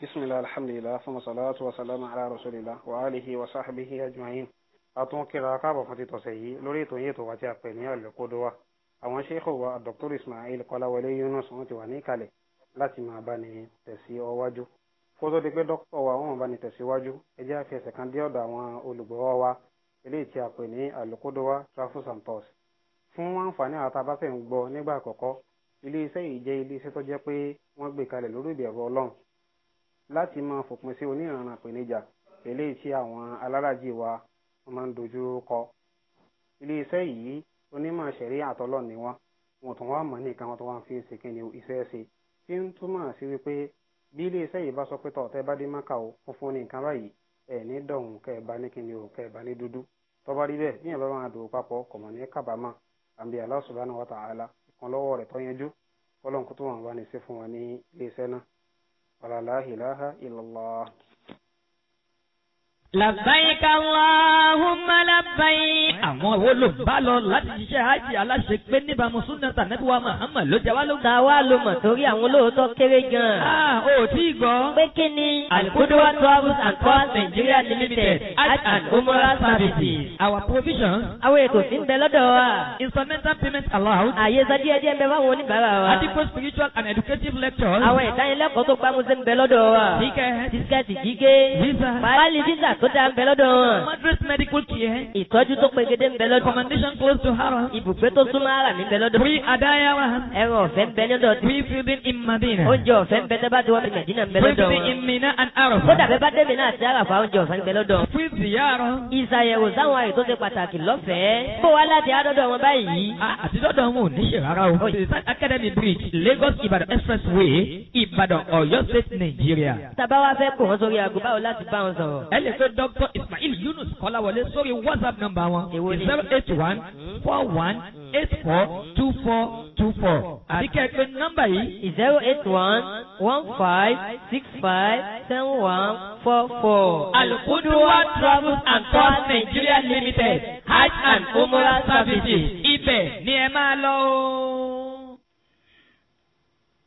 bisimilahi alhamdulilah fama salatu wa salam ala rasulillah wa alihi wa sahbihi ajma'in atún kíra káàbọ̀ fún títọ̀sẹ̀ yìí lórí ètò yìí tó wá tí a pè ní àlùkòdówà àwọn ṣéèkò wa dr ismail kọláwọlé yunus wọn ti wà ní ìkàlẹ̀ láti máa bá ní tẹ̀sí ọwájú kó tó di pé dókítà wa wọn bá ní tẹ̀síwájú ẹ jẹ́ àfi ẹsẹ̀ kan dé ọ̀dọ̀ àwọn olùgbọ́wọ́ wa eléyìí tí a pè ní àlùkòdówà travels and tours fún àǹfààní àwọn tá a bá fẹ́ ń gbọ́ nígbà àkọ́kọ́ ilé iṣẹ́ yìí jẹ́ ilé iṣẹ́ tó jẹ́ pé wọ́n gbé kalẹ̀ lórí ìbẹ̀rù ọlọ́run láti máa fòpin sí oníranran pèníjà eléyìí tí àwọn alárajì wa máa ń dojú kọ iléeṣẹ́ yìí onímọ̀ ṣẹ̀rí àtọ́lọ̀ ni wọ́n wọn tún wá mọ̀ nìkan wọn tó wá ń fi ṣe kíni iṣẹ́ ṣe tí ń túmọ̀ sí wípé bí iléeṣẹ́ yìí bá sọ pé tọ̀tẹ́ bá dé mọ́kà o funfun ní nǹkan báyìí ẹ̀ ní dọ̀hún kẹ́ ẹ̀ bá ní kíni o kẹ́ ẹ̀ bá ní dúdú tọ́ba rí bẹ́ẹ̀ bíyẹn bá máa dòwò papọ̀ kọ̀mọ̀ ní kábàámà àbí Allah subhanahu wa ìkànlọ́wọ́ rẹ̀ tọ́yẹnjú kọ́lọ́nkú tó wọn wá ní sí fún wọn ní iléeṣẹ́ náà ولا لا إله إلا الله làbáyíká Allahumma làbáyí. àwọn wo ló ń bá lọ láti ṣiṣẹ́ hajj aláṣẹ pé níbàámu sunnata nabi wa Muhammad ló jẹ́ wá ló. ta ló mọ̀ torí àwọn olóòótọ́ kéré gan-an. a ò gbọ́. pé kí ni. al Travels and Tours Nigeria Limited hajj and umrah services. our provision. àwọn ètò tí ń bẹ lọ́dọ̀ wa. instrumental payment allowed. àyè sọ díẹ̀ díẹ̀ ń bẹ fáwọn oníbàárà wa. adigun spiritual and educative lectures. àwọn ìdánilẹ́kọ̀ọ́ tó gbámúsẹ́ ń bẹ lọ́dọ̀ wa. tíkẹ́ tíkẹ́ tíkẹ́. visa. pàálí visa tó dáa ń bẹ lọ́dọ̀ wọn. Madras medical care. Ìtọ́jú tó pegede ń bẹ lọ́dọ̀. Commendation close to Haram. Ibùgbé tó súnmọ́ ara mi ń bẹ lọ́dọ̀. Free Adayawa. Ẹ̀rọ ọ̀fẹ́ ń bẹ lọ́dọ̀. Free building in Madina. Oúnjẹ ọ̀fẹ́ ń bẹ tó bá ti wá bí Mẹ̀dínà ń bẹ lọ́dọ̀ wọn. Free building in Mina and Arab. Kódà bẹ́ẹ̀ bá débi náà ti Arab oúnjẹ ọ̀fẹ́ ń bẹ lọ́dọ̀. Free Ziyara. Ìṣàyẹ̀wò sáwọn àyè tó ṣe pàtàkì lọ́fẹ̀ẹ́. Bó wa láti adọ́dọ̀ wọn báyìí. Àti Bridge, Lagos Ibadan Expressway, Ibadan, Ọ̀yọ́ State, Nigeria. Tàbá wa fẹ́ kò wọ́n sórí Dr. Ismail Yunus Kọ́láwọlé sórí WhatsApp number wọn zero eight one four one eight four two four two four. àbí kẹ́ẹ̀pẹ́ nọ́mbà yìí. zero eight one one five six five seven one four four. Alukuduwa Travels and Tours Nigeria Limited Hajj and Umrah Services ibẹ̀ ni ẹ máa lọ o.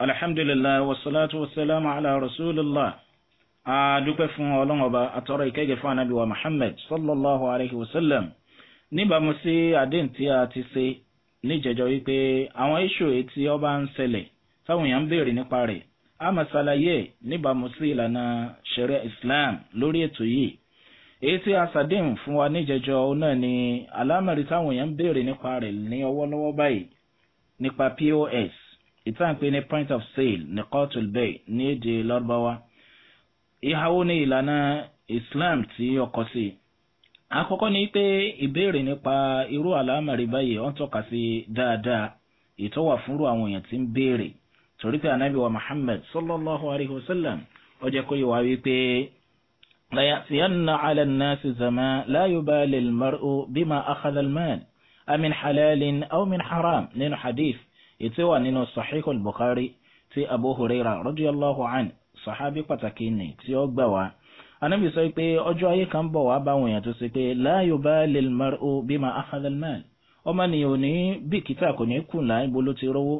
alhamdulilayi wasalaatu wasalaamu ala rasulillah adúpẹ́ fún ọlọ́run ọba àtọ́rọ ìkẹ́gẹ́ fún anábìwá muhammed sallallahu alayhi wa sallam níbàámu sí àdéhùn tí a ti ṣe níjẹjọ wípé àwọn iṣu etí ọba ń ṣẹlẹ̀ táwọn èèyàn ń béèrè nípa rẹ̀ a máa ṣàlàyé níbàámu sí ìlànà sharia islam lórí ètò yìí èyí tí a ṣàdéhùn fún wa níjẹjọ náà ni alámọ̀rí táwọn èèyàn ń béèrè nípa rẹ̀ ní ọwọ́lọ́wọ́ báyìí nípa pos ìtàn pé ní point of sale ní kọ́tùlbẹ̀ ní èdè lọ́rùbáwá ìhàwó ni ìlànà islam tí ọkọ sí àkọ́kọ́ ni pé ìbéèrè nípa irú àlámàrí báyìí wọ́n tọ́ka sí dáadáa ìtọ́wà fúnrú àwọn èèyàn tí ń béèrè torí pé anabi wa muhammed sallallahu alayhi wa sallam ó jẹ́ kó yẹ wá wípé layasiyanna ala nasi zama layu baali maru bima akhadal man amin halalin aw haram nínú hadith ètò nínú sahih al ti abu huraira radiyallahu anhu sàhábí pàtàkì nì tí ó gbà wá anábì sọ pé ọjọ́ ayé kan bọ̀ wá báwọn èèyàn tó ṣe pé láàyò bá lè mar o bí ma afadalman ọmọ nìyẹn ò ní bìkítà kò ní kùnà ibo ló ti rówó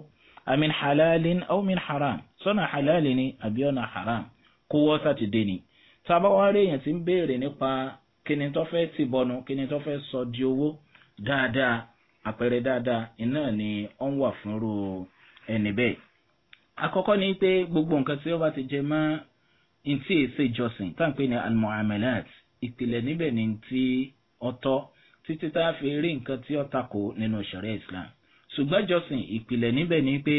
amin halalin aw min haram sọ́nà halali ni àbí ọ̀nà haram kó wọ́ sátidé ni tábà rí èèyàn tí ń béèrè nípa kíni tó fẹ́ ti bọnu kíni tó fẹ́ sọ di owó dáadáa àpẹẹrẹ dáadáa iná ni ó ń wà fúnrú ẹni bẹ́ẹ̀ àkọ́kọ́ ni pé gbogbo nǹkan tí ó bá ti jẹ mọ́ ntí èsè ìjọsìn tá à ń pè ní almuamalat ìpìlẹ̀ níbẹ̀ ni ti ọtọ́ títí tá a fi rí nǹkan tí ó takò nínú ìṣẹ̀rẹ́ islam ṣùgbọ́n ìjọsìn ìpìlẹ̀ níbẹ̀ ni pé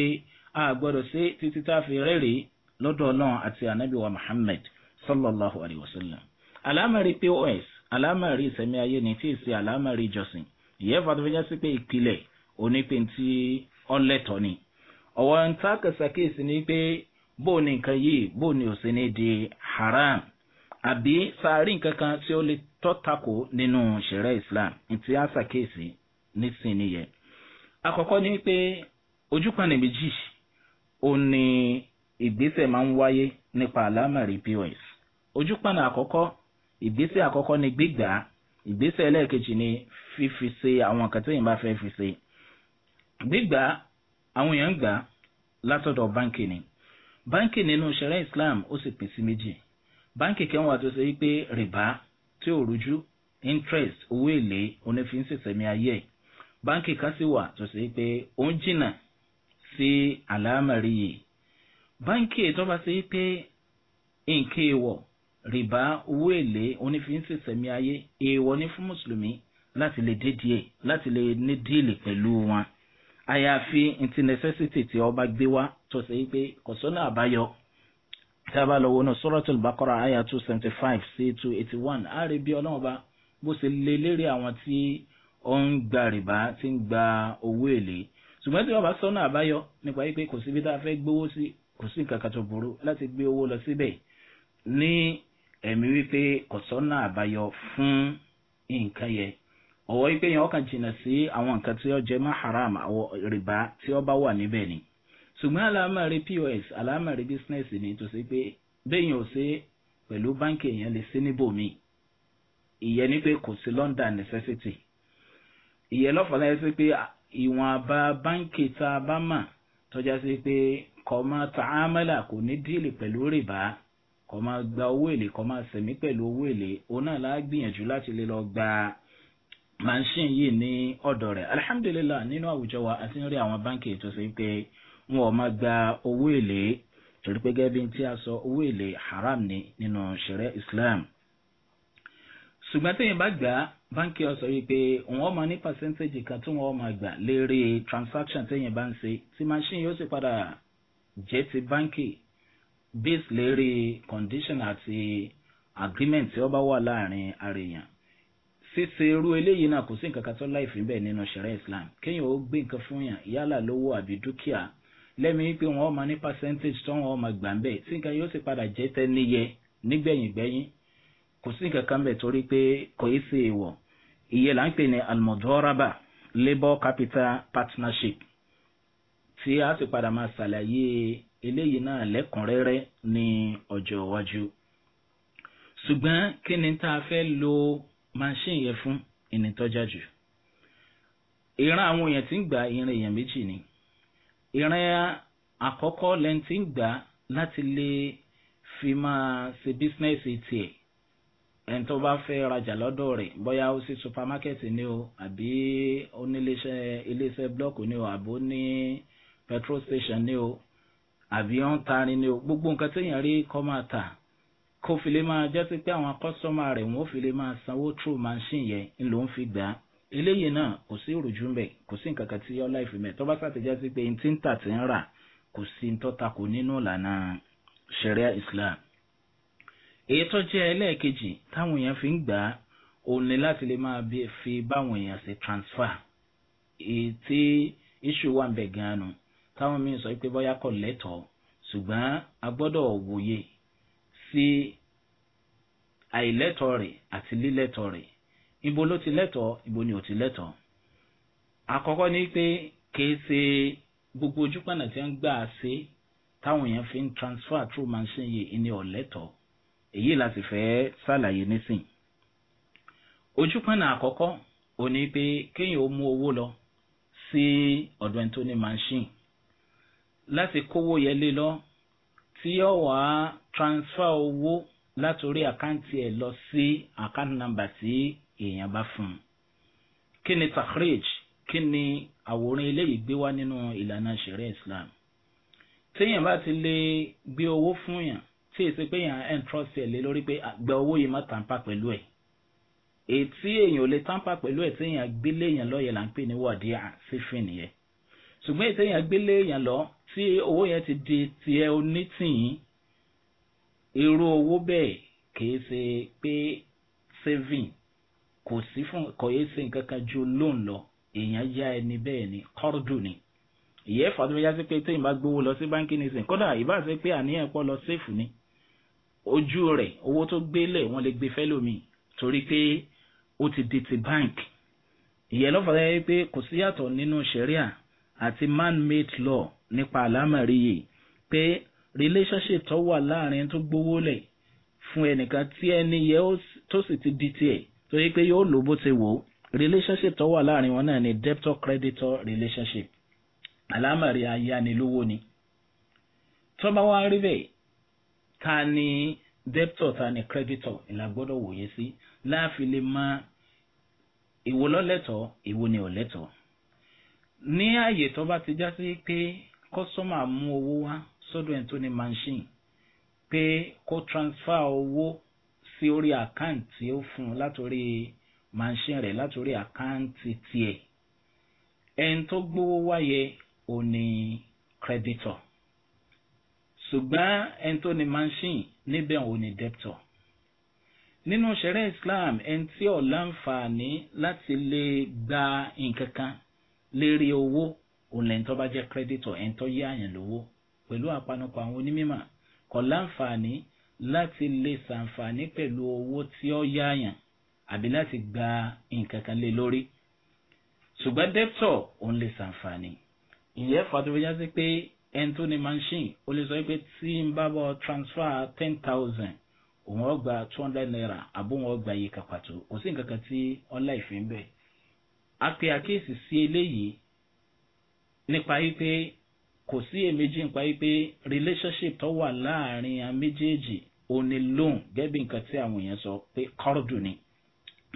a gbọ́dọ̀ sí títí tá a fi rẹ́rìí lọ́dọ̀ ọlọ́run àti anabi wa muhammed sallallahu alayhi wa sallam alámàrí pos alámàrí ìsẹ̀mí ayé ni tí ìsẹ̀ alámàrí ìjọsìn ìyẹ́fà tó fi jásí pé ìpìlẹ̀ onípe ti ọlẹ́tọ̀ ni ọ̀wọ́ ń tá kàṣàkíyèsí ni pé bó ni nǹkan yìí bó ni ò sí ní di haram àbí sàárì nǹkan kan tí ó lè tọ́tako nínú ṣẹ̀rẹ́ islam ntí á ṣàkíyèsí nísìn àkọ́kọ́ ni pé ojúpanì méjì ò ní ìgbésẹ̀ máa ń wáyé nípa àlámàrí pos ojúpanì àkọ́kọ́ ìgbésẹ̀ àkọ́kọ́ ni gbígbà ìgbésẹ̀ ẹlẹ́ẹ̀kejì ni fífi ṣe àwọn nǹkan tí èèyàn bá fẹ́ fi ṣe gbígbà àwọn èèyàn gbà látọ̀dọ̀ báńkì ni báńkì nínú ṣẹ̀rẹ́ islam ó sì pín sí méjì báńkì kan wà tó ṣe wípé rìbá tí ò rújú interest owó èlé onífin ṣèṣẹ̀mí ayé ẹ̀ báńkì kan sì wà tó ṣe wípé ó ń jìnà sí àlámàrí yìí báńkì tó bá ṣe wípé nǹkan èèwọ̀ rìbá owó èlé onífin ayé èèwọ̀ ni fún mùsùlùmí láti lè dédìé láti lè ní díìlì pẹ̀lú wọn àyàfi ntí necessity tí ọba gbé wá tó ṣe pé kò sọ́nà àbáyọ tí a bá lọ wọnú suratul baqara àyà two seventy five sí two eighty one á rí bí ọlọ́run bá bó ṣe lé lérí àwọn tí ó ń gba rìbá tí ń gba owó èlé ṣùgbọ́n tí ọba sọ́nà àbáyọ nípa pé kò síbi tá a fẹ́ gbowó sí kò sí nǹkan tó burú láti gbé owó lọ síbẹ̀ ní ẹ̀mí wípé kò àbáyọ fún nǹkan yẹn ọ̀wọ́ ipe yẹn ọkàn jìnnà sí àwọn nǹkan tí ó má haram àwọn rìbá tí ó bá wà níbẹ̀ ni ṣùgbọ́n àlámàrí pos àlámàrí business ni tó ṣe pé bẹ́yìn ò ṣe pẹ̀lú báńkì èèyàn lè ṣe níbòmí ìyẹn ni pé kò sí london necessity ìyẹn lọ́fọ̀ọ́ náà ṣe pé ìwọ̀n àbá báńkì tá a bá mà tọ́já sí pé kọ́ máa ta ámàlà kò ní díìlì pẹ̀lú rìbá kọ́ máa gba owó èlé kọ́ máa sẹ̀mí pẹ̀lú owó èlé òun náà láá gbìyànjú láti lè lọ gba machine yìí ní ọ̀dọ̀ rẹ̀ alihamudulilayi nínú àwùjọ wa a ti ń rí àwọn báńkì tó ṣe pé wọn ò máa gba owó èlé torí pé gẹ́gẹ́ bí tí a sọ owó èlé haram ni nínú ṣẹ̀rẹ́ islam ṣùgbọ́n tẹ́yìn bá gbà á báńkì ó sọ wípé wọ́n máa ní pàṣẹ́ntéèjì kan tí wọ́n máa gbà lérí transaction tẹ́yìn bá ń ṣe tí machine yóò sì padà jẹ́ ti báńkì based lérí condition àti agreement tí ó bá wà láàrin ara ṣíṣe irú eléyìí náà kò sí nǹkan kan tó láìfín bẹ́ẹ̀ nínú ṣẹ̀rẹ́ islam kéèyàn ó gbé nǹkan fún yàn yálà lówó àbí dúkìá lẹ́mi wípé wọ́n máa ní percentage tó wọ́n máa gbà ń bẹ̀ tí nǹkan yóò sì padà jẹ́ tẹ́niyẹ nígbẹ̀yìngbẹ́yìn kò sí nǹkan kan bẹ̀ torí pé kò í ṣe èèwọ̀ ìyẹn là ń pè ní almodoraba labour capital partnership tí a sì padà máa ṣàlàyé eléyìí náà lẹ́kùnrẹ́rẹ́ ní ọjọ́ iwájú ṣùgbọ́n kí ni tá a fẹ́ lo machine yẹ fún ẹni tọ́jà jù ìran àwọn èèyàn tí ń gbà ìran èèyàn méjì ni ìran àkọ́kọ́ lẹ́ni tí ń gbà láti lè fi máa ṣe bísínẹ́sì tiẹ̀ ẹni tó bá fẹ́ rajà lọ́dọ̀ rẹ̀ bóyá ó sí supamákẹ́tì ni o àbí oníléeṣẹ́ iléeṣẹ́ blọ́ọ̀kù ni o àbí ó ní petrol station ni o àbí ó ń tarin ni o gbogbo nǹkan téèyàn rí kọ́ máa tà kó fi lè máa jẹ́ sí pé àwọn kọ́sọ́mà rẹ̀ wọ́n fi lè máa sanwó through machine yẹn ń ló ń fi gbà á eléyìí náà kò sí ìròjú ń bẹ̀ kò sí nǹkan kan tí yọ láì fi mẹ́ tó bá sàtẹ́já sí pé tí ń tà tí ń rà kò sí tó takò nínú ìlànà sharia islam èyí tó jẹ́ ẹlẹ́ẹ̀kejì táwọn èèyàn fi ń gbà á òun ni láti lè máa fi báwọn èèyàn ṣe transfer èyí tí issue wà ń bẹ̀ gan-an táwọn míì sọ pé bóyá kò lẹ́tọ̀ọ́ ṣùgbọ́n sí àìlẹ́tọ̀ rẹ̀ àti lílẹ́tọ̀ rẹ̀ ibo ló ti lẹ́tọ̀ ibo ni ò ti lẹ́tọ̀ àkọ́kọ́ ni pé kìí ṣe gbogbo ojúpọ̀nà tí wọ́n gbà ṣe táwọn èèyàn fi ń transfer through machine yìí ní ọ̀lẹ́tọ̀ èyí la sì fẹ́ ṣàlàyé nísìn ojúpọ̀nà àkọ́kọ́ ò ní pé kéèyàn ó mú owó lọ sí ọ̀dọ̀ ẹni tó ní machine láti kówó yẹlé lọ́ọ́ tí ó wà á transfer owó látòrí àkáǹtì ẹ̀ lọ sí àkáǹtì nàmbà tí èèyàn bá fún un. kí ni takhrij kí ni àwòrán eléyìí gbé wá nínú ìlànà ṣẹ̀rẹ́ islam téèyàn bá ti lè gbé owó fún yàn tí èsì pé yàn ẹ̀ ń trọ́sì ẹ̀ lé lórí pé gba owó yìí má tàǹpà pẹ̀lú ẹ̀ èyí tí èèyàn ò lè tàǹpà pẹ̀lú ẹ̀ téèyàn gbélé yàn lọ́yẹ̀ là ń pè ní wàdíà sífìn nìyẹn ṣùgbọ́n ètò èèyàn gbélé èèyàn lọ tí owó yẹn ti di tiẹ̀ onítìyín irú owó bẹ́ẹ̀ kìí ṣe pé saving kò sí fún kò yẹ ṣe nǹkan kan ju loan lọ èèyàn yá ẹni bẹ́ẹ̀ ni kọ́rọ̀dù ni ìyẹn fàtó yá sí pé téèyàn bá gbowó lọ sí báńkì nìsín kódà ìbá ṣe pé àníyàn pọ̀ lọ séèfù ni ojú rẹ̀ owó tó gbélé wọ́n lè gbé fẹ́lómi torí pé ó ti di ti báńkì ìyẹn ló fàtó pé kò síyàtọ̀ nínú sẹ̀ríà àti man-made law nípa àlámọ̀rí yìí pé relationship tó wà láàrin tó gbówó lẹ̀ fún ẹnìkan tí ẹni yẹ tó sì ti di tiẹ̀ tó yẹ pé yóò lò bó ti wò ó relationship tó wà láàrin wọn náà ni debtor creditor relationship àlámọ̀rí ayánilówó ni tó bá wá rí bẹ́ẹ̀ ta ni debtor ta ni creditor ìlà gbọ́dọ̀ wòye sí láàfin lè máa ìwo lọ́lẹ́tọ̀ọ́ ní ààyè tó bá ti já sí pé kọ́sọ́mà mú owó wá sọ́dọ̀ ẹ̀ tó ní machine pé kó transfer owó sí orí àkáǹtì ó fún un látòrí machine rẹ̀ látòrí àkáǹtì tiẹ̀ ẹni tó gbówó wáyé ò ní creditor ṣùgbọ́n ẹni tó ní machine níbẹ̀ ò ní debtor nínú ṣẹ̀rẹ́ Islam ẹni tí ò láǹfààní láti lè gba nǹkan kan lérí owó òun lẹ́yìn tó bá jẹ́ creditor ẹni tó yá àyàn lówó pẹ̀lú àpanupọ̀ àwọn onímọ̀ kò láǹfààní láti lè ṣàǹfààní pẹ̀lú owó tí ó yá àyàn àbí láti gba nǹkan kan lé lórí ṣùgbọ́n debtor òun lè ṣàǹfààní ìyẹn fàtúwéjá sí pé ẹni tó ní machine ó lè sọ pé tí n bá bọ transfer ten thousand òun ó two hundred naira àbóun ó gba iye kan pàtó kò sí nǹkan kan tí ọlá bẹ́ẹ̀ a pe àkíyèsí sí eléyìí nípa wípé kò sí èméjì nípa wípé relationship tó wà láàrin àwọn méjèèjì òní loan gẹ́gẹ́ bí nǹkan tí àwọn èèyàn sọ pé kọ́rọ̀dù ni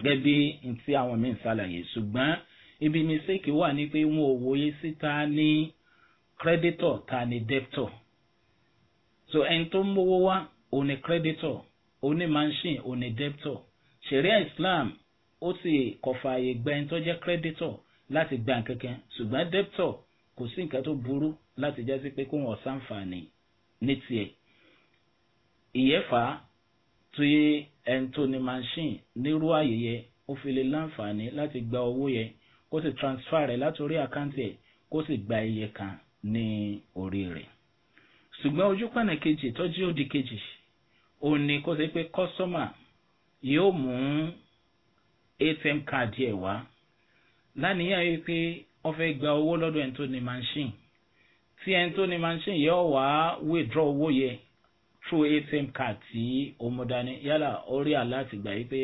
gẹ́gẹ́ bí tí àwọn míì ṣàlàyé ṣùgbọ́n ibi mistake wà ní pé wọn ò wòye síta ní creditor ta ni debtor so ẹni tó ń mówó wá òní creditor òní machine òní debtor sharia islam ó sì kọfà àyè gba ẹni tó jẹ́ creditor láti gba nǹkan kan ṣùgbọ́n debtor kò sí nǹkan tó burú láti jásí pé kóun ọ̀sánfààní ní tiẹ̀ ìyẹn fà á ẹni tó ní machine nírú àyè ó fi lè láǹfààní láti gba owó yẹ kó sì transfer rẹ̀ láti orí àkáǹtì ẹ̀ kó sì gba iye kan ní orí rẹ̀ ṣùgbọ́n ojú pọ̀nà kejì tọ́jú òdì kejì òun kó ṣe pé kọ́sọ́mà yóò mú atm card ẹ̀ wá lánìyàn yìí pé wọ́n fẹ́ gba owó lọ́dọ̀ ẹni tó ní machine tí ẹni tó ní machine yẹ wá withdraw owó yẹ through atm card tí òmùdání yálà ó rí àláàtì gbà yìí pé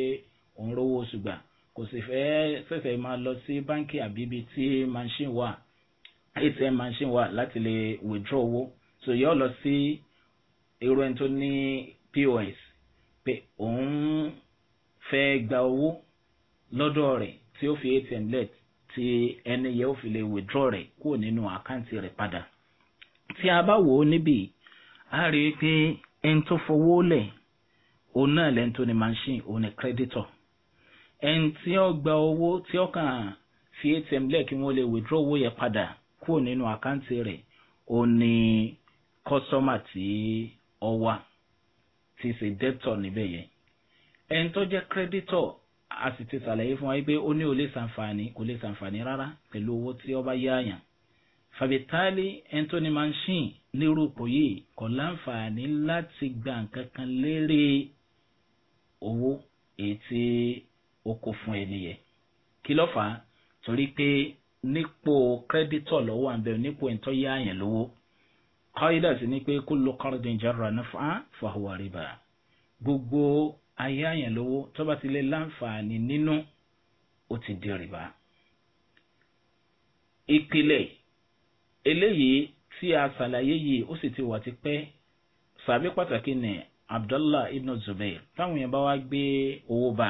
òun rówó oṣù gbà kò sì fẹ́ fẹ́fẹ́ máa lọ sí báńkì àbí tí machine wà atm machine wà láti lè withdraw owó so yọ lọ sí irú ẹni tó ní pos pé òun fẹ́ gba owó lọ́dọ̀ rẹ̀ tí ó fi atm lẹ̀ tí ẹni yẹn ó fi lè withdraw rẹ̀ kúrò nínú àkáǹtì rẹ̀ padà tí a bá wò ó níbí a rí i pé ẹni tó fowó lẹ̀ òun náà lẹ́ni tó ní machine òun ní creditor ẹni tí ó gba owó tí ó kàn fi atm lẹ̀ kí wọ́n lè withdraw owó yẹn padà kúrò nínú àkáǹtì rẹ̀ òun ní kọ́sọ́mà tí ó wà tí ṣe debtor níbẹ̀ yẹn ẹni tó jẹ́ creditor a sì ti sàlàyé fún wa pé ó ní ò lè sàǹfààní kò lè sàǹfààní rárá pẹ̀lú owó tí ọba yá àyàn fàbítálì anthony manchin lérò pò yìí kò láǹfààní láti gba nǹkan kan lérè owó èyí tí ó kó fún ẹni yẹn kí ló fà á torí pé nípò kírẹ́dítọ̀ lọ́wọ́ àbẹ̀ nípò ẹ̀ńtọ́ yá àyàn lówó kọ́ídà sí ni pé kó lo kọ́rọ̀dìn jẹ́rọ náà fà á fàhùwà rìbà gbogbo ayé àyàn lówó tó bá ti lè láǹfààní nínú ó ti di rìbá. ìpìlẹ̀ eléyìí tí a ṣàlàyé yìí ó sì ti wà ti pẹ́ sàbí pàtàkì ní abdullah ibn zubair táwọn yẹn bá wá gbé owó bá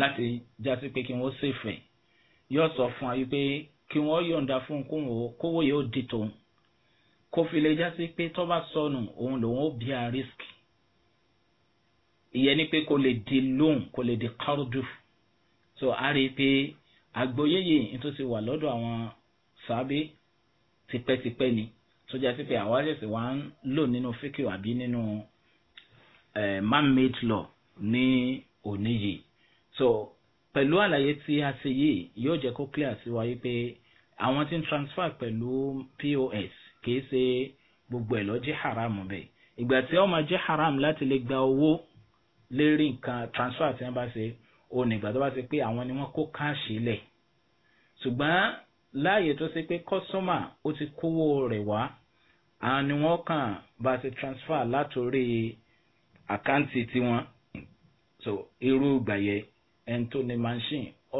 láti jásí pé kí wọ́n ṣèfẹ̀ yóò sọ fún wa wípé kí wọ́n yọ̀ǹda fún kówó yóò di tòun kó fi lè jásí pé tó bá sọnù òun lòun ó bí a rísíkì ìyẹn ni pé kò lè di lóhùn kò lè di kárùdù so a rí i pé àgbóyè yìí tó ti wà lọ́dọ̀ àwọn sábẹ́ tipẹ́tipẹ́ ni tó jẹ́ sí pé àwọn àṣẹ̀ṣẹ̀ wá ń lò nínú fíkì àbí nínú man law ní òní yìí so pẹ̀lú àlàyé tí a ṣe yìí yóò jẹ́ kó clear sí wa wípé àwọn tí ń transfer pẹ̀lú pos kì í ṣe gbogbo ẹ̀ lọ jẹ́ haram bẹ́ẹ̀ ìgbà tí ó máa jẹ́ haram láti lè gba owó lérí nǹkan transfer tí wọ́n bá ṣe ó ní tó bá ṣe pé àwọn ni wọ́n kó káàṣì lẹ̀ ṣùgbọ́n láàyè tó ṣe pé kọ́sọ́mà ó ti kówó rẹ̀ wá àwọn ni wọ́n kàn bá ṣe transfer látòrí àkáǹtì tiwọn so irú ìgbà yẹn ẹni tó ní machine ó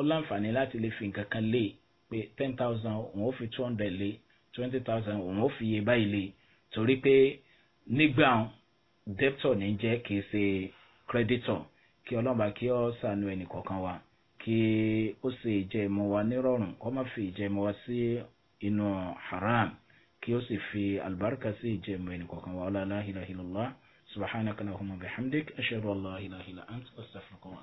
láti lè fi nǹkan kan lé pé ten thousand òun ó fi two hundred lé twenty thousand òun ó fi iye báyìí lé torí pé nígbà debtor ní jẹ́ kì í ṣe creditor kí ọlọ́mọba kí ọ sànú ẹnì kọ̀ọ̀kan wa kí ó ṣe ìjẹ́ ìmọ̀ wa nírọ̀rùn kó má fi ìjẹ́ ìmọ̀ wa sí inú haram kí ó sì fi àlùbáríkà sí ìjẹ́ ẹnì kọ̀ọ̀kan wa ọlá aláhìláhìlá subhanaka lahumma bihamdik ashhadu an la ilaha illa ant astaghfiruka wa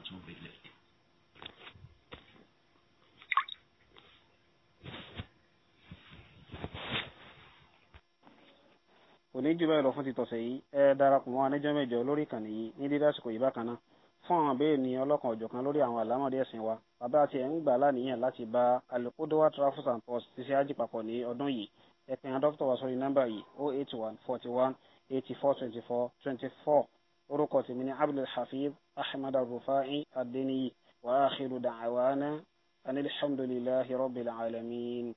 kò ní jù báyìí lọ fún ti tọ̀sẹ̀ yìí ẹ darapọ̀ mọ́ anẹ́jọ́ mẹ́jọ lórí ìkànnì yìí ní dídá àsìkò yìí bákan náà fún àwọn abẹ́rẹ́ ní ọlọ́kan ọ̀jọ̀kan lórí àwọn àlámọ̀dé ẹ̀sìn wa bàbá àti ẹ̀ ń gbà láníyàn láti bá alikodowa travels and tours ti ṣe ájì papọ̀ ní ọdún yìí ẹ pè dókítà wa sórí nọ́mbà yìí o oh eight one forty one eighty four twenty four twenty four orúkọ tèmi ní abdul hafiz ahmed arufai adeniyi wa akhiru da'wana anilhamdulilahi rabbil alamin.